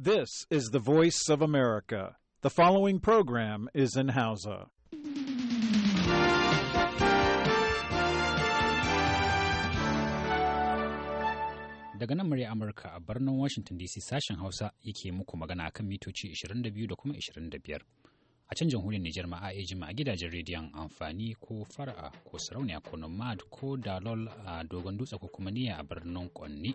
This is the voice of America. The following program is in Hausa. Daga nan murya Amurka a birnin Washington DC sashen Hausa yake muku magana akan mitoci 22 da kuma 25. A can jamhuriyar Nijar ma a ejima a gidajen rediyon amfani ko fara'a ko sarauniya ko nomad ko dalol a dogon dutse ko kuma niyya a birnin Konni.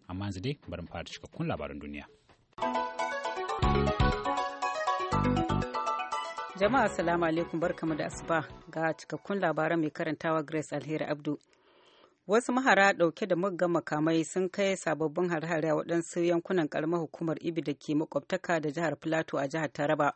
amma yanzu dai bari mu fara cikakkun labaran duniya. Jama'a salamu alaikum barkamu da asuba ga cikakkun labaran mai karantawa Grace Alheri Abdu. Wasu mahara dauke da muggan makamai sun kai sababbin hare-hare a waɗansu yankunan ƙaramar hukumar Ibi da ke makwabtaka da jihar Filato a jihar Taraba.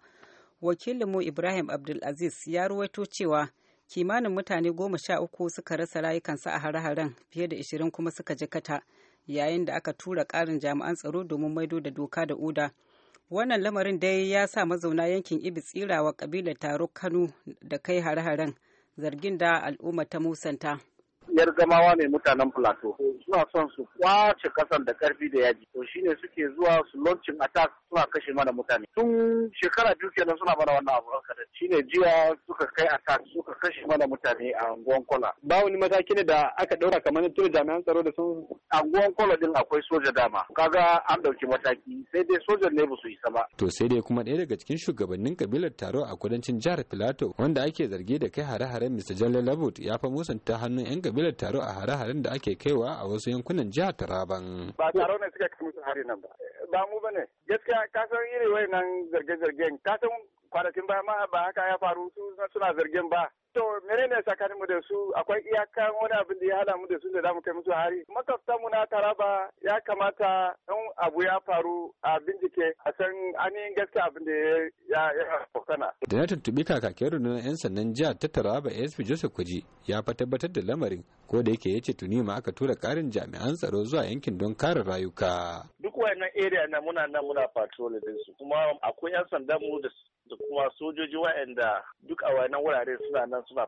Wakilinmu Ibrahim Abdulaziz ya ruwaito cewa kimanin mutane goma sha uku suka rasa rayukansu a hare-haren fiye da ishirin kuma suka jikata. kata. yayin da aka tura ƙarin jami'an tsaro domin maido da doka da oda. Wannan lamarin dai ya sa mazauna yankin Ibi tsirawa kabilar Taro Kano da kai hare-haren zargin da al'umma ta musanta. Yar gamawa ne mutanen plateau suna son su kwace kasan da karfi da yaji to shine suke zuwa su launching attack suna kashe mana mutane tun shekara biyu kenan suna mana wannan abu haka shine jiya suka kai attack suka kashe mana mutane a anguwan kola ba wani mataki ne da aka daura kamar na tura jami'an tsaro da sun anguwan kola din akwai soja dama kaga an dauki mataki sai dai sojan ne ba su isa ba to sai dai kuma ɗaya daga cikin shugabannin kabilar taro a kudancin jihar plateau wanda ake zargi da kai hare-haren mr jalal labut ya fa musanta hannun yan kabilar taro a hare-haren da ake kaiwa a wasu yankunan jihar Taraban. Ba taro ne suka kai hari nan ba. Ba mu bane. Gaskiya ka san irin wayannan zarge-zargen ka san kwanakin baya ma ba haka ya faru su suna zargen ba To menene tsakanin mu da su akwai iyakan wani abin da ya hada mu da su da zamu kai musu hari. Makwabtan mu na Taraba ya kamata in abu ya faru a bincike a san ainihin gaskiya abin da ya ya Da na tuntubi kakakin rundunar 'yan sannan jiya ta Taraba ASP Joseph Kuji ya fa tabbatar da lamarin ko da yake yace tuni ma aka tura karin jami'an tsaro zuwa yankin don kare rayuka. Duk wayannan area na muna nan muna patrol din su kuma akwai 'yan sandan mu da kuma sojoji wa'anda duk a wannan wurare suna nan suna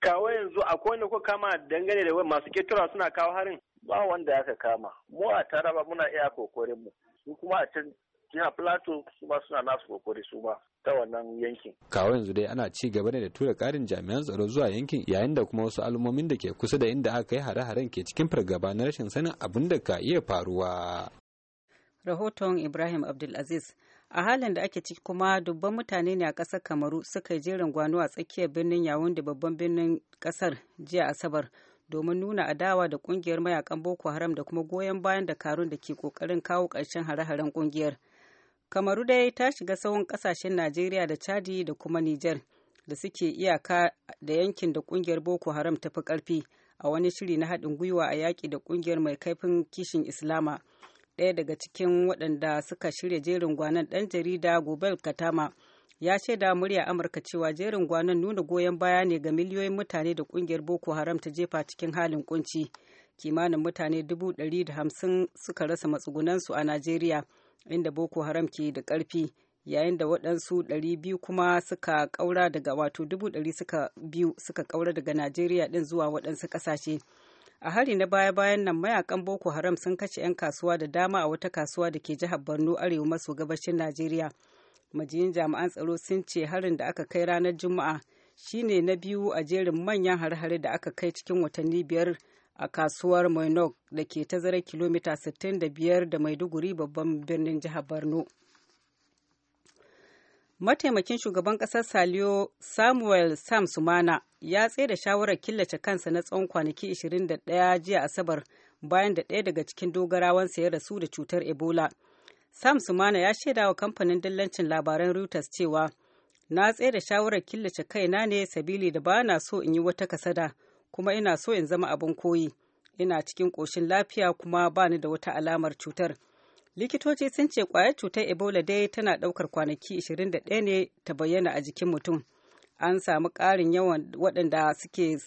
kawo yanzu akwai wanda ko kama dangane da masu ketura suna kawo harin ba wanda aka kama mu a taraba muna iya kokorin mu su kuma a can jiha plateau su ma suna nasu kokori su ma ta wannan yankin. Kawo yanzu dai ana ci gaba ne da tura karin jami'an tsaro zuwa yankin yayin da kuma wasu al'ummomin da ke kusa da inda aka yi hare-haren ke cikin fargaba na rashin sanin abin da ka iya faruwa. Rahoton Ibrahim Abdulaziz a halin da ake ciki kuma dubban mutane ne a ƙasar kamaru suka yi jerin gwano a tsakiyar birnin yawon da babban birnin ƙasar jiya asabar domin nuna adawa da ƙungiyar mayakan boko haram da kuma goyon bayan dakarun da ke kokarin kawo ƙarshen hare-haren ƙungiyar kamaru dai ta shiga tsawon ƙasashen najeriya da chadi da kuma niger da suke iyaka da yankin da ƙungiyar boko haram ta fi ƙarfi a wani shiri na haɗin gwiwa a yaƙi da ƙungiyar mai kaifin kishin islama ɗaya daga cikin waɗanda suka shirya jerin gwanon ɗan jarida gobel katama ya shaida murya amurka cewa jerin gwanon nuna goyon baya ne ga miliyoyin mutane da ƙungiyar boko haram ta jefa cikin halin kunci kimanin mutane dubu ɗari da hamsin suka rasa matsugunansu a najeriya inda boko haram ke da ƙarfi yayin da waɗansu biyu kuma suka ƙaura daga wato dubu ɗari suka biyu suka ƙaura daga najeriya ɗin zuwa waɗansu ƙasashe a hari na baya-bayan nan mayakan boko haram sun kashe 'yan kasuwa da dama a wata kasuwa da ke jihar borno arewa maso gabashin najeriya majiyin jami'an tsaro sun ce harin da aka kai ranar juma'a shine na biyu a jerin manyan hare-hare da aka kai cikin watanni biyar a kasuwar moinok da ke tazarar kilomita 65 da maiduguri babban birnin jihar borno mataimakin shugaban ƙasar saliyo samuel sam sumana ya tsaida shawarar killace kansa na tsawon kwanaki 21 jiya asabar bayan da ɗaya daga cikin dogarawansa ya rasu da cutar ebola sam sumana ya shaida wa kamfanin dillancin labaran reuters cewa na tsaida shawarar killace kaina ne sabili da ba na so in yi wata kasada kuma ina so in zama abin koyi ina cikin ƙoshin lafiya kuma ba ni da wata alamar cutar likitoci sun ce kwayar cutar ebola dai tana daukar kwanaki 21 ne ta bayyana a jikin mutum an samu karin yawan waɗanda suke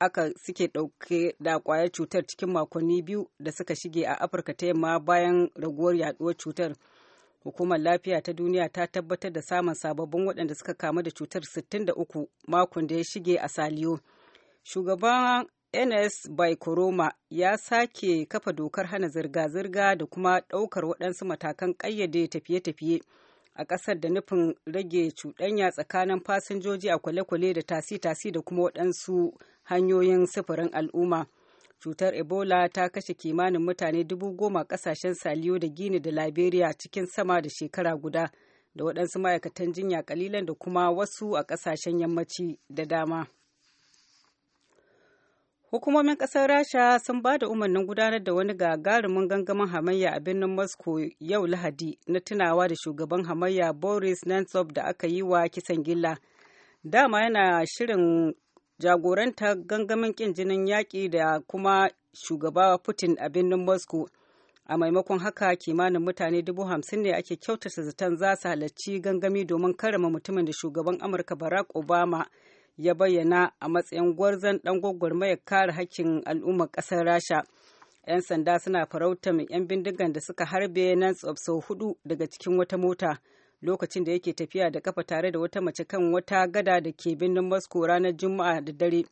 aka suke ɗauke da kwayar cutar cikin makonni biyu da suka shige a afirka ta yamma bayan raguwar yaduwar cutar hukumar lafiya ta duniya ta tabbatar da samun sababbin waɗanda suka kamu da cutar 63 makon da ya shige a saliyo shugaban ns baikoroma ya sake kafa dokar hana zirga-zirga da kuma ɗaukar waɗansu matakan ƙayyade tafiye-tafiye a ƙasar da nufin rage cuɗanya tsakanin fasinjoji a kwale-kwale da tasi-tasi da kuma waɗansu hanyoyin sufurin al'umma cutar ebola ta kashe kimanin mutane dubu goma ƙasashen saliyo da gini da liberia cikin sama da shekara guda da waɗansu ma'aikatan jinya ƙalilan da kuma wasu a ƙasashen yammaci da dama. Hukumomin ƙasar Rasha sun ba da umarnin gudanar da wani gagarumin gangamin hamayya a birnin Moscow yau Lahadi na tunawa da shugaban hamayya Boris Nemtsov da aka yi wa kisan gilla. Dama yana shirin jagoranta gangamin ƙin jinin yaƙi da kuma shugaba Putin a birnin Moscow. A maimakon haka kimanin mutane dubu hamsin ne ake kyautata zaton za su halarci gangami domin karama mutumin da shugaban Amurka Barack Obama ya bayyana a matsayin gwarzon ɗan gwagwarmayar kare hakkin al'ummar ƙasar Rasha. 'Yan sanda suna farauta mai 'yan bindigan da suka harbe nan sau hudu daga cikin wata mota lokacin da yake tafiya da kafa tare da wata mace kan wata gada da ke birnin Moscow ranar Juma'a da dare.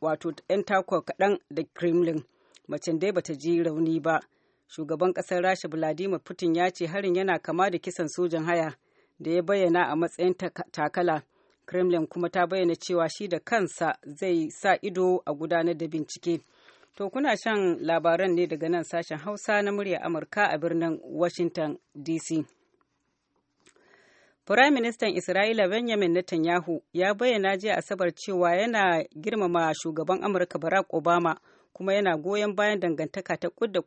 Wato 'yan takwa kaɗan da Kremlin. Macen dai bata ji rauni ba. Shugaban ƙasar Rasha Vladimir Putin ya ce harin yana kama da kisan sojan haya da ya bayyana a matsayin takala. kremlin kuma ta bayyana cewa shi da kansa zai sa ido a gudanar da bincike to kuna shan labaran ne daga nan sashen hausa na murya amurka a birnin washington dc Firaministan Isra'ila Benjamin Netanyahu ya bayyana jiya Asabar cewa yana girmama shugaban Amurka Barack Obama kuma yana goyon bayan dangantaka ta kud da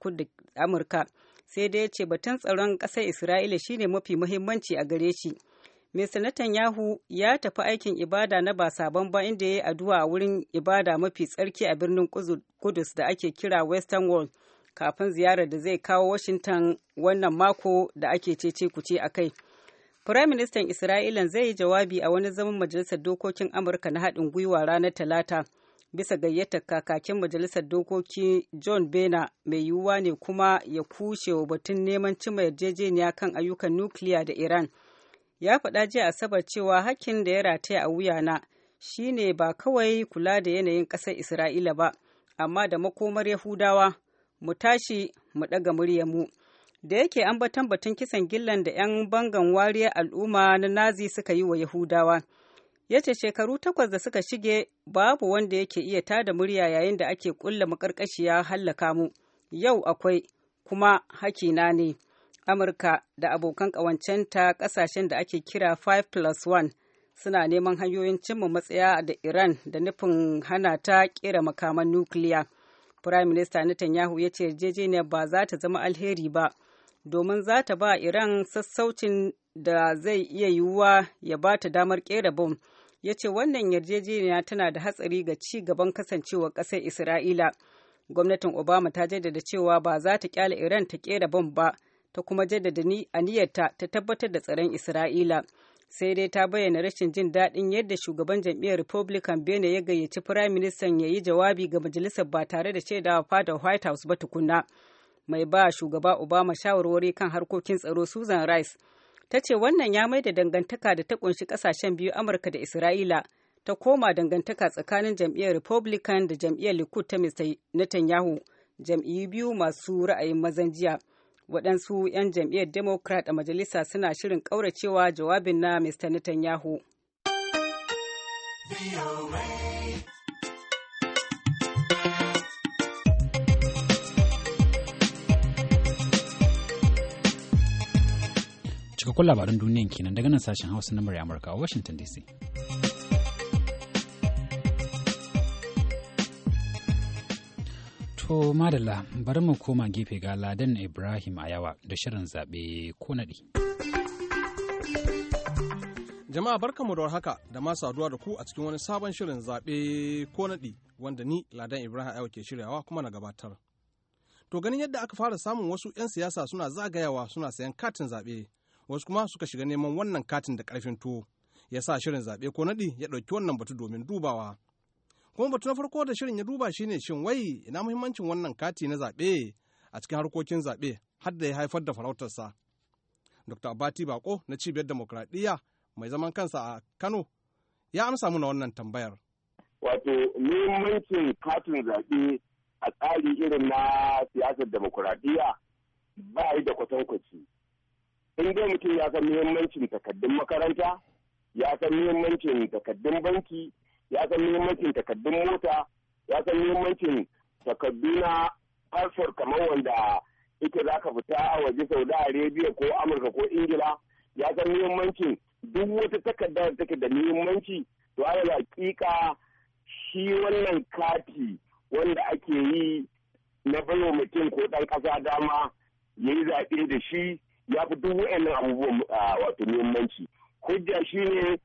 Amurka. Sai dai ya ce batun tsaron ƙasar Isra'ila shine mafi muhimmanci a gare shi. sanatan yahu ya tafi aikin ibada na ba sabon ba inda ya yi addu'a a wurin ibada mafi tsarki a birnin Kudus da ake kira Western World kafin ziyarar da zai kawo Washington wannan mako da ake cece kuce a kai. Firaministan Isra'ilan zai yi jawabi a wani zaman Majalisar Dokokin Amurka na haɗin gwiwa ranar Talata bisa gayyata kakakin Majalisar Dokoki John Bena mai yiwuwa ne kuma ya kushe wa batun neman cima yarjejeniya kan ayyukan nukiliya da Iran. ya faɗa jiya asabar cewa hakkin da ya rataya a wuyana shine ba kawai kula da yanayin ƙasar isra'ila ba amma da makomar yahudawa mu tashi mu ɗaga muryarmu da yake an batan batun kisan gillan da 'yan bangan wariyar al'umma na nazi suka yi wa yahudawa ya ce shekaru takwas da suka shige babu wanda yake iya tada murya yayin da ake ƙulla maƙarƙashiya hallaka mu yau akwai kuma hakina ne Amurka da abokan ƙawancenta ƙasashen da ake kira 5 plus 1 suna neman hanyoyin cimma matsaya da Iran da nufin hana ta ƙera makaman nukiliya. Prime Minister Netanyahu ya ce yarjejeniyar ba za ta zama alheri ba, domin za ta ba Iran sassaucin da zai iya yiwuwa ya ba ta damar ƙera bom. Ya ce wannan yarjejeniya tana da hatsari ga ci gaban kasancewa ƙasar Isra'ila. Gwamnatin Obama ta jaddada cewa ba za ta ƙyale Iran ta ƙera bom ba. ta kuma jaddada aniyarta ta tabbatar da tsaron Isra'ila. Sai dai ta bayyana rashin jin daɗin yadda shugaban jam'iyyar Republican Bene ya gayyaci Firaministan ya yi jawabi ga majalisar ba tare da shaidawa fadar White House ba tukuna Mai ba shugaba Obama shawarwari kan harkokin tsaro Susan Rice ta ce wannan ya mai da dangantaka da ta ƙunshi kasashen biyu Amurka da Isra'ila ta koma dangantaka tsakanin jam'iyyar Republican da jam'iyyar Likud ta Mr. Netanyahu jam'iyyu biyu masu ra'ayin mazan jiya. waɗansu 'yan jam'iyyar democrat a majalisa suna shirin ƙauracewa jawabin na mr netanyahu cikakkun labaran duniyan kenan daga nan sashen hausa na murya amurka a washington dc To madalla bari mu koma gefe ga Ladan Ibrahim a yawa da shirin zaɓe ko naɗi. Jama'a barkanmu da haka da ma saduwa da ku a cikin wani sabon shirin zaɓe ko naɗi wanda ni Ladan Ibrahim Ayawa ke shiryawa kuma na gabatar. To ganin yadda aka fara samun wasu 'yan siyasa suna zagayawa suna sayan katin zaɓe wasu kuma suka shiga neman wannan katin da ƙarfin tuwo ya sa shirin zaɓe ko naɗi ya ɗauki wannan batu domin dubawa. kuma batu na farko da shirin ya duba shine shin wai ina muhimmancin wannan kati na zaɓe a cikin harkokin zaɓe har da ya haifar da farautarsa dr abati bako na cibiyar demokradiyya mai zaman kansa a kano ya amsa muna wannan tambayar wato muhimmancin katin zaɓe a tsari irin na siyasar demokradiyya ba yi da kwatankwaci in dai mutum ya san muhimmancin takaddun makaranta ya san muhimmancin takaddun banki ya san muhimmancin takaddun mota ya san muhimmancin takaddu na fasfor kamar wanda ita za ka fita waje saudi arabia ko amurka ko ingila ya san muhimmancin duk wata takarda da take da muhimmanci to da hakika shi wannan kati wanda ake yi na bayo mutum ko ɗan kasa dama ya yi zaɓe da shi ya fi duk wa'annan abubuwan ah, wato muhimmanci hujja shine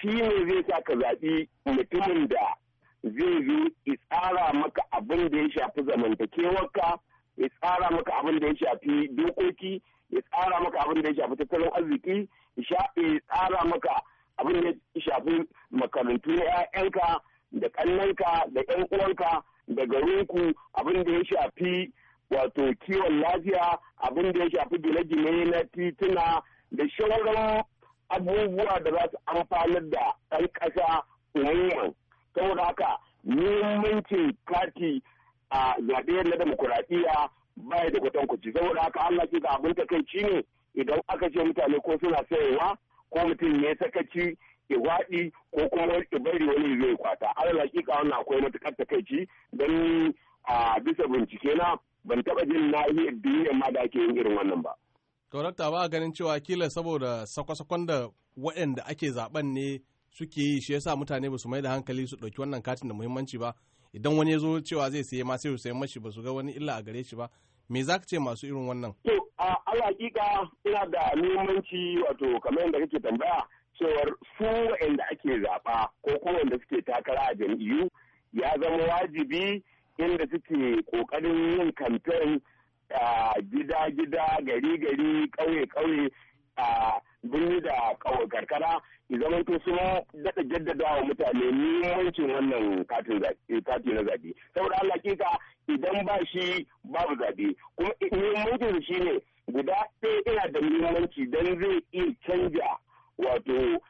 shi ne zai sa ka zaɓi mutumin da zai zo ya tsara maka abin da ya shafi zamantakewarka ya tsara maka abin da ya shafi dokoki ya tsara maka abin da ya shafi tattalin arziki ya tsara maka abin da ya shafi makarantu na 'ya'yanka da kannanka da 'yan uwanka da garinku abin da ya shafi wato kiwon lafiya abin da ya shafi gine-gine na tituna da shauran abubuwa da za su amfanar da ɗan ƙasa umuman saboda haka muhimmancin kati a zaɓe na demokuraɗiyya baya da kwatankwaci saboda haka Allah ke ga abin takaici ne idan aka ce mutane ko suna sayarwa ko mutum ya sakaci waɗi ko kuma bari wani zai kwata Allah ke ga wannan akwai matuƙar takaici don a bisa bincike na ban taɓa jin na yi ma da ake yin irin wannan ba. Darakta ba a ganin cewa kila saboda sakwasakon da waɗanda ake zaben ne suke yi shi yasa mutane ba su mai da hankali su ɗauki wannan katin da muhimmanci ba idan wani ya zo cewa zai saye ma sai su sayi mashi ba su ga wani illa a gare shi ba me za ka ce masu irin wannan? To a alaƙiƙa ina da muhimmanci wato kamar yadda kake tambaya cewar su waɗanda ake zaɓa ko kuma wanda suke takara a jam'iyyu ya zama wajibi inda suke ƙoƙarin yin kamfen gida-gida gari-gari ƙauye-ƙauye a birni da karkara zama to su daɗa jaddada wa mutane muhimmancin wannan kati na zaɓe saboda Allah kika idan ba shi babu zaɓe kuma muhimmancin shi ne guda ɗaya ina da muhimmanci don zai iya canja wato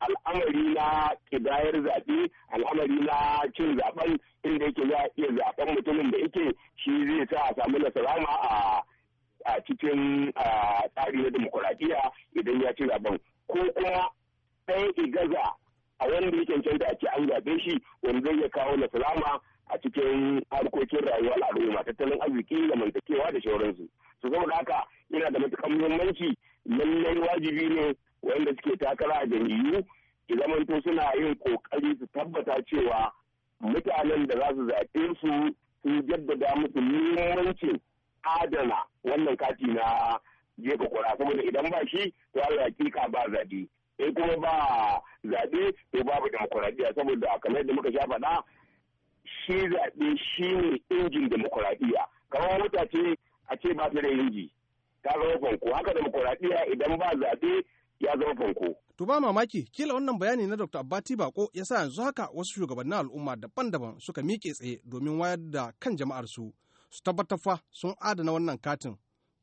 al'amari na kidayar zaɓe al'amari na cin zaɓen inda yake za a iya zaɓen mutumin da yake shi zai sa a samu nasarama a a cikin tsari na demokuraɗiyya idan ya ci zaɓen ko kuma ɗaya igaza a wanda yake cancanta da ce an zaɓe shi wanda zai kawo nasarama a cikin harkokin rayuwa al'umma tattalin arziki da mantakewa da shauransu su saboda haka yana da matuƙar muhimmanci lallai wajibi ne wanda suke takara a jam'iyyu ki zamanto suna yin kokari su tabbata cewa mutanen da za su zaɓe su sun jaddada musu muhimmancin adana wannan kati na jefa kura saboda idan ba shi to Allah hakika ba zaɓe E kuma ba zaɓe to babu demokuraɗiyya saboda kamar da muka sha faɗa shi zaɓe shi ne injin demokuraɗiyya kamar mutace a ce ba su da inji ta zama ko haka demokuraɗiyya idan ba zaɓe ya zama fanko. To ba mamaki kila wannan bayani na Dr. Abbati Bako ya sa yanzu haka wasu shugabannin al'umma daban-daban suka miƙe tsaye domin wayar da kan jama'ar su su tabbatar fa sun adana wannan katin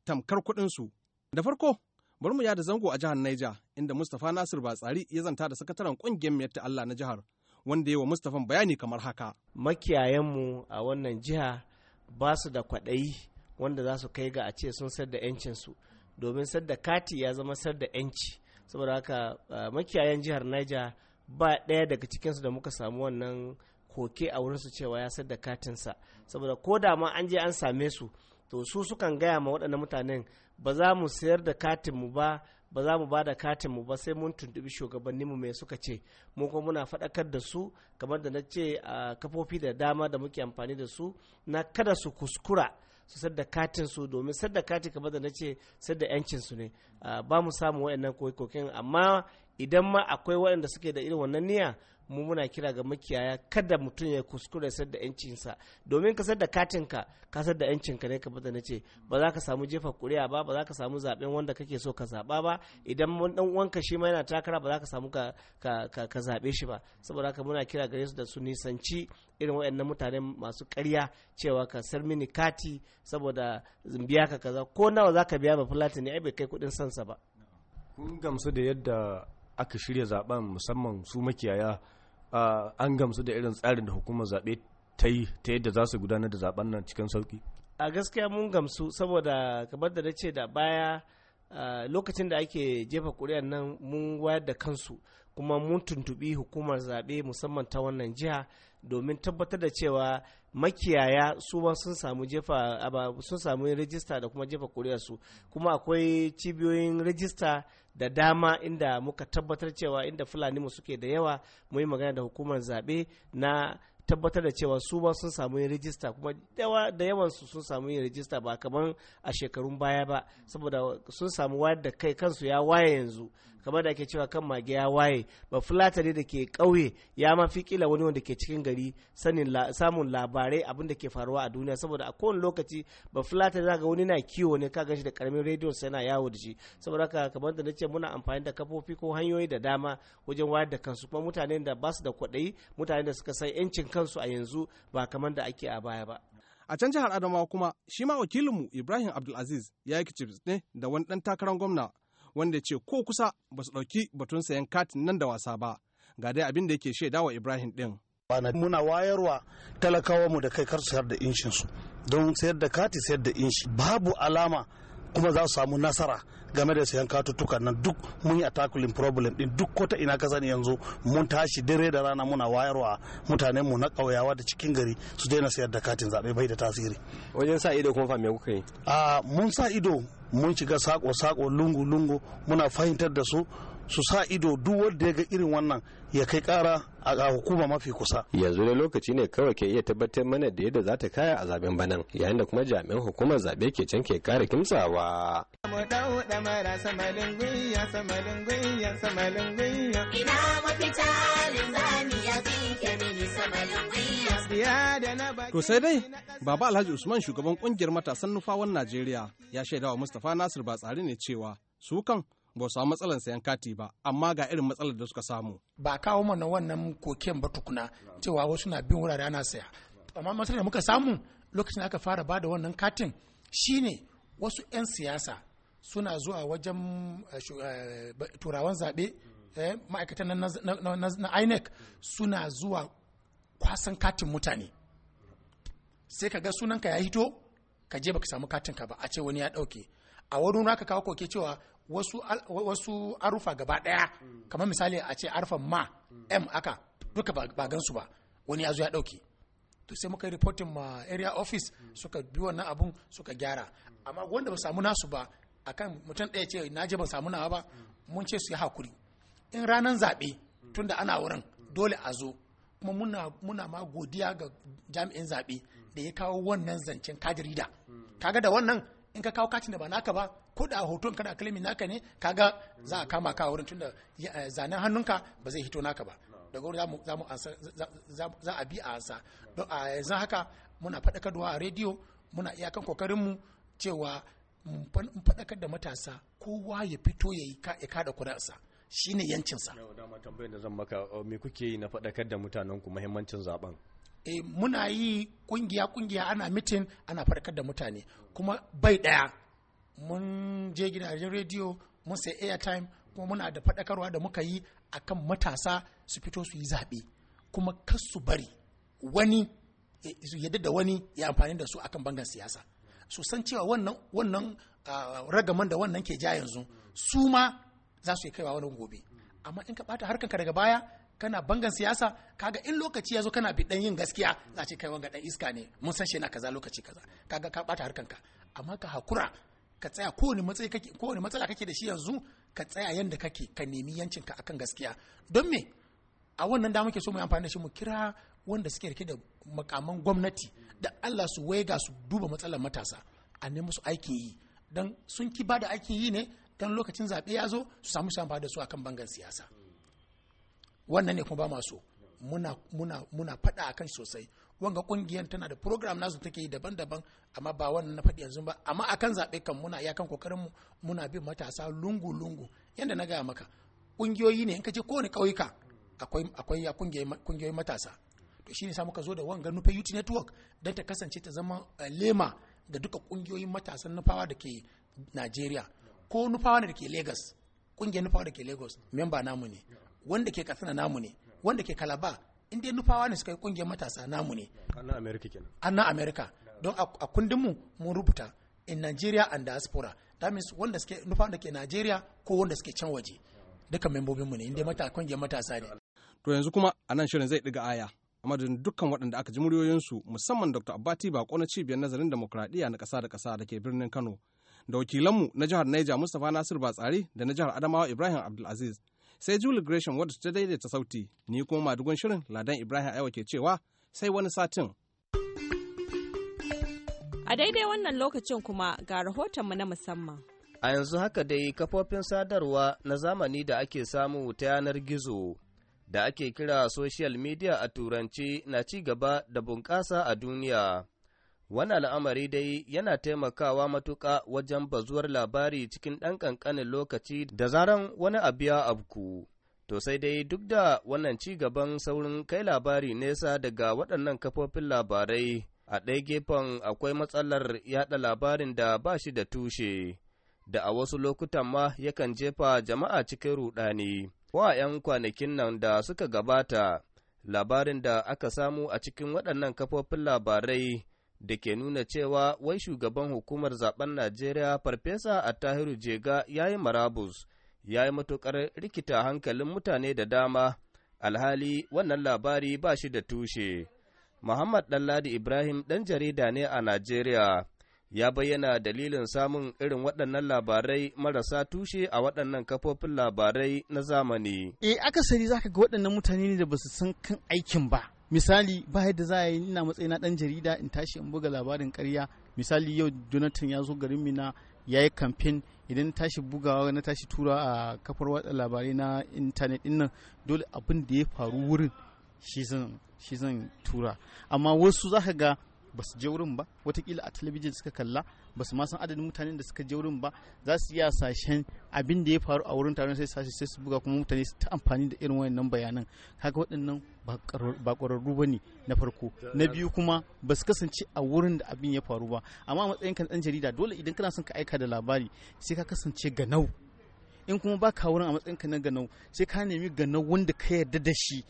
tamkar kuɗin su. Da farko bari mu yada zango a jihar Niger inda Mustapha Nasir Batsari ya zanta da sakataren ƙungiyar Miyar Allah na jihar wanda ya wa Mustapha bayani kamar haka. mu a wannan jiha ba su da kwaɗayi wanda za su kai ga a ce sun sayar da 'yancinsu domin sayar da kati ya zama sayar da 'yanci. saboda haka makiyayan jihar niger ba ɗaya daga cikinsu da muka samu wannan koke a wurinsu cewa ya sayar da katinsa saboda ko da ma an je an same su to su sukan gaya ma waɗannan mutanen ba za mu sayar da katinmu ba ba za mu ba da katin mu ba sai mun tuntubi shugabannin mu mai suka ce mu kuma muna faɗakar da su kamar da na ce a kafofi da dama da muke amfani da su na kada su kuskura su sadda katin su domin sadda katin kamar da na ce sadda yancin su ne ah, ba mu samu wayannan kokokin amma idan ma akwai waɗanda suke da irin wannan niyya mu muna kira ga makiyaya kada mutum ya kuskure sayar da yancinsa domin ka sayar da katinka ka sayar da yancinka ne ka da na ce ba za ka samu jefa kuri'a ba ba za ka samu zaben wanda kake so ka zaba ba idan dan uwanka shi ma yana takara ba za ka samu ka ka zabe shi ba saboda haka muna kira gare su da su nisanci irin waɗannan mutane masu ƙarya cewa ka sar mini kati saboda biya ka kaza ko nawa za ka biya ba ne ai bai kai kuɗin sansa ba kun gamsu da yadda aka shirya zaben musamman su makiyaya an gamsu da irin tsarin da hukumar zaɓe ta yi ta yadda za su gudanar da zaben nan cikin sauki a gaskiya mun gamsu saboda kamar da na ce da baya lokacin da ake jefa ƙuri'an nan mun wayar da kansu kuma mun tuntubi hukumar zaɓe musamman ta wannan jiha domin tabbatar da cewa makiyaya su ma sun samu jefa sun samu rijista da kuma jefa su kuma akwai cibiyoyin rijista da dama inda muka tabbatar cewa inda fulani mu suke da yawa mu yi magana da hukumar zaɓe na tabbatar da cewa su ba sun samu yin rijista kuma da yawan su sun samu yin rijista ba kamar a shekarun baya ba saboda sun samu wayar da kai kansu ya waye yanzu kamar da ake cewa kan mage ya waye ba fulatani da ke kauye ya ma fi kila wani wanda ke cikin gari sanin samun labarai abin da ke faruwa a duniya saboda a kowane lokaci ba fulatani ga wani na kiwo ne ka gashi da karamin rediyo sai yana yawo da shi saboda haka kamar da nace muna amfani da kafofi ko hanyoyi da dama wajen wayar da kansu kuma mutanen da basu da kwaɗayi mutanen da suka san 'yancin kansu a yanzu ba kamar da ake a baya ba. A can jihar Adamawa kuma shi ma wakilinmu Ibrahim Abdulaziz ya yi kicibis ne da wani dan takarar gwamna wanda ce ko kusa ba su ɗauki batun sayan katin nan da wasa ba ga dai abin da yake shaidawa ibrahim ɗin. muna wayarwa talakawa mu da kai kar sayar da inshinsu don sayar da kati sayar da inshi babu alama kuma za su samu nasara game da sayan katuttukan nan duk mun yi a takulin problem din duk kota ina ka sani yanzu mun tashi dare da rana muna wayarwa mutanen mu na kauyawa da cikin gari su daina sayar da katin zabe bai da tasiri wajen sa ido kuma fa me kuka yi a mun sa ido mun shiga sako sako lungu lungu muna fahimtar da su su sa ido duk wanda ya ga irin wannan ya kai kara a hukuma mafi kusa yanzu ne lokaci ne kawai ke iya tabbatar mana da yadda za ta kaya a zaben banan yayin da kuma jami'an hukumar zabe ke can ke kare kimtsawa to sai dai baba alhaji usman shugaban kungiyar matasan nufawan najeriya ya shaidawa mustapha nasir tsari ne cewa su kan ba su samu matsalar sayan kati ba amma ga irin matsalar da suka samu ba kawo mana wannan koken ba tukuna cewa wasu na bin wurare ana saya amma matsalar da muka samu lokacin da aka fara bada wannan katin shine wasu 'yan siyasa suna zuwa wajen eh, eh, turawan zaɓe eh, ma'aikatan na inec suna zuwa kwasan katin mutane sai ka ga sunanka ya hito ka je baka samu katin ka ba a ce wani ya ɗauke a wurin ka kawo koke cewa wasu wasu arufa gaba daya mm. kamar misali a ce arfan ma mm. m aka duka ba gansu ba wani ya zo ya dauke to sai muka yi reporting ma area office mm. suka bi wannan abun suka gyara amma wanda ba samu nasu ba akan mutum ɗaya ce na je ba samu nawa ba mun ce su yi hakuri in ranan zaɓe tunda ana wurin dole a zo kuma muna, muna ma godiya ga jami'in zaɓe da ya kawo wannan zancen kadirida kaga da wannan in ka kawo katin da ba naka ba ko da hoton kana kalmi naka ne kaga za a kama ka wurin tunda eh, zanen hannunka ba zai hito naka ba daga wurin za mu za a bi a ansa don a yanzu haka muna faɗakarwa a rediyo muna iyakan kokarinmu cewa mun faɗakar da matasa kowa ya fito ya yi kada kudansa shi ne yancinsa. dama tambayar da zan maka oh, me kuke yi na faɗakar da mutanen ku muhimmancin zaben. Eh, muna yi kungiya kungiya ana mitin ana faɗakar da mutane kuma bai ɗaya mun je gidajen rediyo mun sai airtime kuma muna da faɗakarwa da muka yi akan matasa su fito su yi zaɓe kuma kas su bari wani yadda da wani ya amfani da su akan bangan siyasa su san cewa wannan ragaman da wannan ke ja yanzu su ma za su yi kaiwa wani gobe amma in ka ɓata harkanka daga baya kana bangan siyasa kaga in lokaci ya zo kana bi dan yin gaskiya za ce kai wanga dan iska ne mun san shi na kaza lokaci kaza kaga ka bata ka amma ka hakura ka tsaya kowane matsayi kake kowane matsala kake da shi yanzu ka tsaya yanda kake ka nemi yancinka akan gaskiya don me a wannan da muke so mu amfani da shi mu kira wanda suke rike da makaman gwamnati da Allah su waiga su duba matsalar matasa a nemi su aikin yi dan sun ki bada aikin yi ne dan lokacin zaɓe ya zo su samu amfani da su akan bangan siyasa wannan ne kuma ba masu muna muna muna faɗa akan sosai wanga kungiyar tana da program nasu take yi daban-daban amma ba wannan na faɗi yanzu ba amma akan zaɓe kan muna kan kokarin mu muna bin matasa lungu-lungu Yadda na gaya maka kungiyoyi ne in ka je kowane ƙauyuka akwai akwai kungiyoyi matasa to shi shine sa muka zo da wanga nufa youth network don ta kasance ta zama eh, lema da duka kungiyoyin matasan nufawa da ke Najeriya ko nufawa da ke Lagos kungiyar nufawa da ke Lagos memba namu ne wanda ke Katsina namu ne wanda ke Kalaba in dai nufawa ne suka yi kungiyar matasa namu ne a na amerika don a kundin mu mun rubuta in nigeria and diaspora that means wanda suke nufawa da ke nigeria ko wanda suke can waje duka membobin mu ne in dai mata kungiyar matasa ne to yanzu kuma a nan shirin zai diga aya a madadin dukkan waɗanda aka ji muryoyinsu musamman dr abati bako na cibiyar nazarin demokuraɗiyya na ƙasa da ƙasa da ke birnin kano da wakilanmu na jihar Niger Mustapha Nasir Batsari da na jihar Adamawa Ibrahim Abdulaziz sai Julie Gresham wadda ta daidaita sauti ni kuma madugun shirin Ladan Ibrahim Aiwa ke cewa sai wani satin. A daidai wannan lokacin kuma ga rahotonmu na musamman. A yanzu haka dai kafofin sadarwa na zamani da ake samu ta yanar gizo da ake kira social media a turanci na ci gaba da bunƙasa a duniya. Wani al'amari dai yana taimakawa matuƙa wajen bazuwar labari cikin ɗan ƙanƙanin lokaci da zaran wani abu ya abku. To sai dai duk da wannan ci gaban saurin kai labari nesa daga waɗannan kafofin labarai, a ɗaya gefen akwai matsalar yaɗa labarin da ba shi da tushe, da a wasu lokutan ma yakan jefa jama'a cikin ruɗani. Ko a ‘yan kwanakin nan da suka gabata, labarin da aka samu a cikin waɗannan kafofin labarai. da ke nuna cewa wai shugaban hukumar zaben Najeriya Farfesa Attahiru Jega ya yi marabus, ya yi matuƙar rikita hankalin mutane da dama, alhali wannan labari ba shi da tushe. Muhammad Ɗanladi Ibrahim ɗan jarida ne a Najeriya, ya bayyana dalilin samun irin waɗannan labarai marasa tushe a waɗannan kafofin labarai na zamani. E, akasari zaka ga waɗannan mutane ne da ba su san kan aikin ba. misali ba yadda za a yi ina matsayi na dan jarida in tashi in buga labarin karya misali yau jonathan ya zo garin mina ya yi kamfen idan tashi bugawa na tashi tura a kafar watsa labarai na intanet din nan dole abin da ya faru wurin shi zan tura amma wasu za ka ga ba su je wurin ba watakila a talabijin suka kalla ba su ma san adadin mutanen da suka je wurin ba za su iya sashen abin da ya faru a wurin taron sai sashi sai su buga kuma mutane su ta amfani da irin wayannan bayanan kaga waɗannan ba ƙwararru ba ne na farko na biyu kuma ba su kasance a wurin da abin ya faru ba amma a matsayin kan ɗan jarida dole idan kana son ka aika da labari sai ka kasance ganau in kuma ba ka wurin a matsayin ka na ganau sai ka nemi ganau wanda ka yarda da shi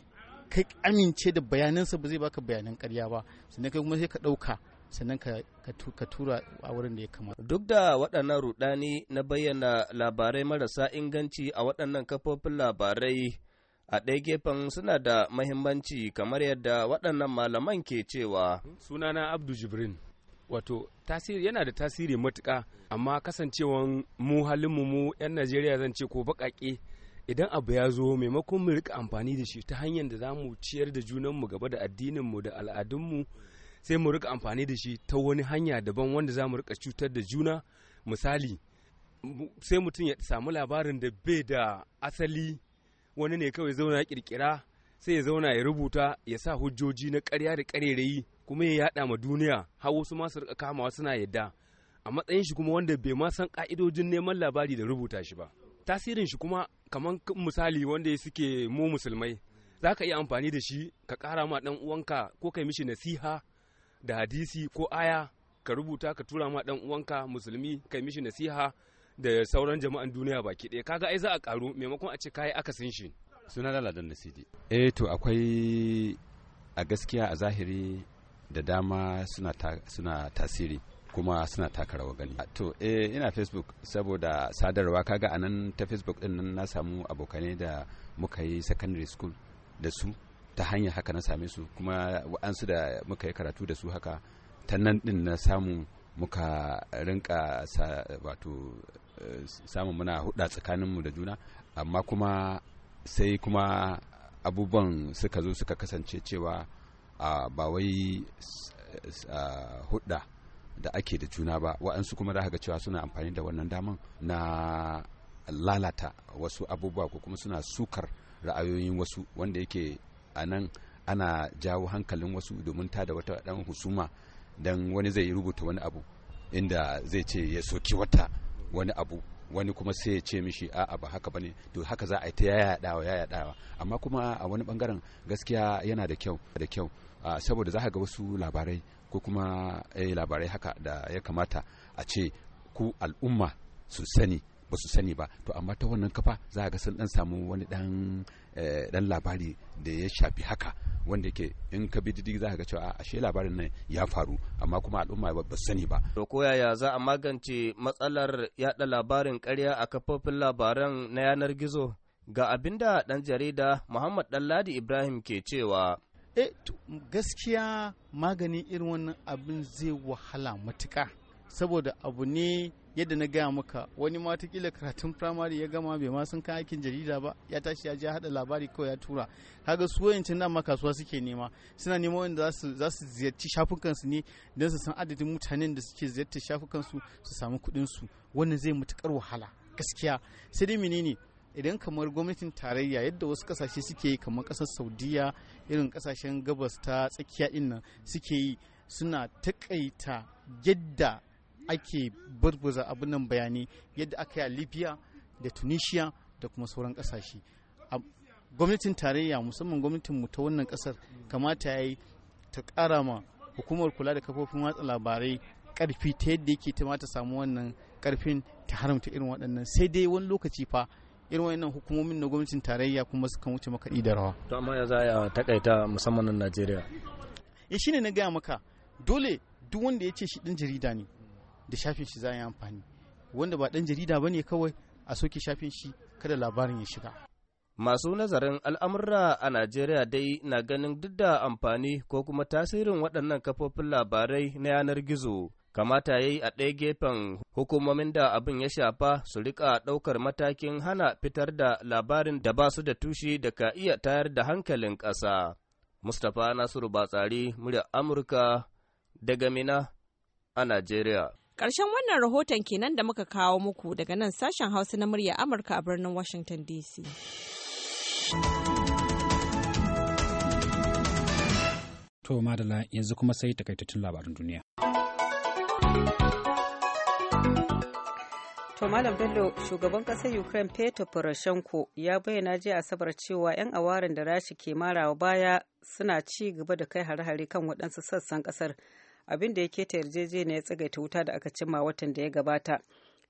kai amince da bayanansa ba zai baka bayanan karya ba sannan kai kuma sai ka ɗauka sannan ka tura a wurin da ya kamata. Duk da waɗannan rudani na bayyana labarai marasa inganci a waɗannan kafofin labarai a ɗaya gefen suna da mahimmanci kamar yadda waɗannan malaman ke cewa. Sunana Abdu Jibrin. Wato, yana da tasiri matuka amma kasancewan mu halinmu mu 'yan Najeriya zan ce ko baƙaƙe idan abu ya zo maimakon mu rika amfani da shi ta hanyar da za mu ciyar da junanmu gaba da addininmu da al'adunmu sai mu rika amfani da shi ta wani hanya daban wanda za mu rika cutar da juna misali sai mutum ya samu labarin da bai da asali wani ne kawai zauna ya kirkira sai ya zauna ya rubuta ya sa hujjoji na karya da ƙarerayi kuma ya yaɗa ma duniya har wasu masu rika kamawa suna yadda a matsayin shi kuma wanda bai ma san ka'idojin neman labari da rubuta shi ba tasirin shi kuma kamar misali wanda ya suke mu musulmai za ka iya amfani da shi ka kara ma dan uwanka ko kai mishi nasiha da hadisi ko aya ka rubuta ka tura ma dan uwanka musulmi kai mishi nasiha da sauran jama'an duniya baki ɗaya kaga ai za a karu maimakon a ce kai akasin shi suna laladan nasidi eh to akwai a gaskiya a zahiri da dama suna suna tasiri kuma suna taka rawa gani to eh ina facebook saboda sadarwa kaga anan ta facebook din nan na samu abokanai da muka yi secondary school da su ta hanyar haka na same su kuma wa'ansu da muka yi karatu da su haka ta nan din na samu muka rinka wato eh, samun muna huda tsakaninmu da juna amma kuma sai kuma abubuwan suka zo suka kasance cewa ba wai hudda da ake da juna ba wa'ansu kuma za ga cewa suna amfani da wannan daman na lalata wasu abubuwa ko kuma suna sukar ra'ayoyin wasu wanda yake a nan ana jawo hankalin wasu domin ta da wata dan husuma dan wani zai rubuta wani abu inda zai ce ya soki wata wani abu wani kuma sai ya ce mishi a'a ba haka bane to haka za a yi ta yayadawa yayadawa amma kuma a wani bangaren gaskiya yana da kyau da kyau saboda za ka ga wasu labarai ko kuma eh, labarai haka da ya kamata a ce ku al'umma su sani ba su sani ba to amma ta wannan kafa za a ga sun dan samu wani dan dan eh, labari da ya shafi haka wanda yake in ka bi diddigi za a ga cewa ashe labarin nan ya faru amma kuma al'umma ba su sani ba to ko yaya za a magance matsalar yada labarin ƙarya a kafofin labaran na yanar gizo ga abinda dan jarida Muhammad Ɗanladi Ibrahim ke cewa. E, gaskiya maganin irin wannan abin zai wahala matuka saboda abu ne yadda na gaya maka wani ma kila karatun firamare ya gama bai ma sun kan aikin jarida ba ya tashi ya je hada labari kawai ya tura kaga su wayancin nan ma kasuwa suke nema suna nema wanda za su ziyarci shafukansu ne don su san adadin mutanen da suke ziyartar shafukan su su samu kuɗin su wannan zai mutukar wahala gaskiya sai dai menene idan kamar gwamnatin tarayya yadda wasu kasashe suke yi kamar kasar saudiya irin kasashen gabas ta tsakiya din suke yi suna takaita yadda ake burbuza nan bayani yadda aka yi a libya da tunisia da kuma sauran kasashe gwamnatin tarayya musamman gwamnatin mu ta wannan kasar kamata ya yi ta kara ma hukumar kula da kafofin watsa labarai karfi ta yadda yake ta mata samu wannan karfin ta haramta irin waɗannan sai dai wani lokaci fa irin wannan hukumomin na gwamnatin tarayya kuma suka wuce makaɗi da rawa to amma ya za a takaita musamman nan Najeriya ya eh, shine na gaya maka dole duk wanda ya ce shi ɗin jarida ne da shafin shi za a yi amfani wanda ba dan jarida ba ne kawai a soke shafin shi kada labarin ya shiga Masu nazarin al'amurra a Najeriya dai na ganin duk da amfani ko kuma tasirin waɗannan kafofin labarai na yanar gizo, kamata yayi a ɗaya gefen hukumomin da abin ya shafa su rika ɗaukar matakin hana fitar da labarin da ba su da tushe da ka iya tayar da hankalin ƙasa. Mustapha Nasiru Batsari, murya Amurka, daga Mina a Najeriya. Ƙarshen wannan rahoton kenan da muka kawo muku daga nan sashen Hausa na murya Amurka a birnin Washington DC. To madala yanzu kuma sai takaitattun labarin duniya. To Malam Bello shugaban ƙasar Ukraine Petro Poroshenko ya bayyana jiya Asabar cewa 'yan awarin da rashi ke marawa baya suna ci gaba da kai hare-hare kan waɗansu sassan ƙasar abin da ya keta ya tsagaita wuta da aka cimma watan da ya gabata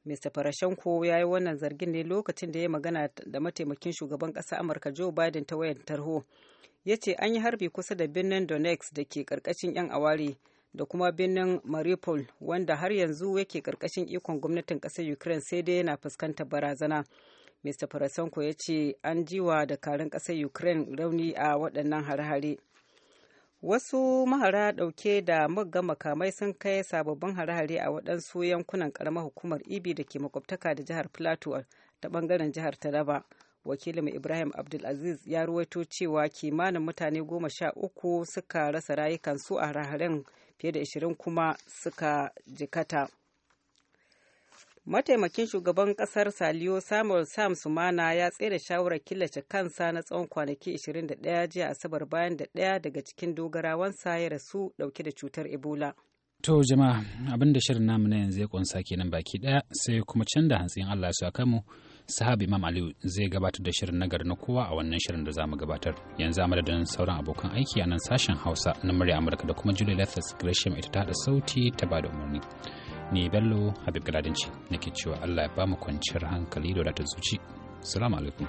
mr farashenko ya yi wannan zargin ne lokacin da ya magana da mataimakin shugaban ƙasa amurka joe biden ta wayar tarho ya ce an yi harbi kusa da birnin donetsk da ke karkashin 'yan awari da kuma birnin mariupol wanda har yanzu yake karkashin ikon gwamnatin ƙasar ukraine sai dai yana fuskantar barazana mr farasanko ya ce an jiwa da karin ƙasar ukraine rauni a waɗannan hare-hare wasu mahara ɗauke da muga makamai sun kai sababbin hare-hare a waɗansu yankunan ƙaramar hukumar ibi da ke makwabtaka da jihar plateau ta ɓangaren jihar taraba wakilin ibrahim abdulaziz ya ruwaito cewa kimanin mutane goma sha uku suka rasa rayukansu a hare-haren fiye da 20 kuma suka jikata. mataimakin shugaban kasar saliyo samuel sam sumana ya tsere shawarar killace kansa na tsawon kwanaki 21 jiya asabar bayan da ɗaya daga cikin dogarawansa ya rasu ɗauke da cutar ebola To jama'a abin da shirin namu na yanzu ya kunsa kenan baki daya sai kuma can da hantsin Allah ya saka mu sahabi Imam Aliyu zai gabatar da shirin nagar na kowa a wannan shirin da zamu gabatar yanzu a madadin sauran abokan aiki a nan sashen Hausa na murya Amurka da kuma Julie Lethal Gresham ita ta da sauti ta bada umarni. ni bello habib galadinci nake cewa allah ya ba mu kwanciyar hankali da wadatar zuci salamu alaikum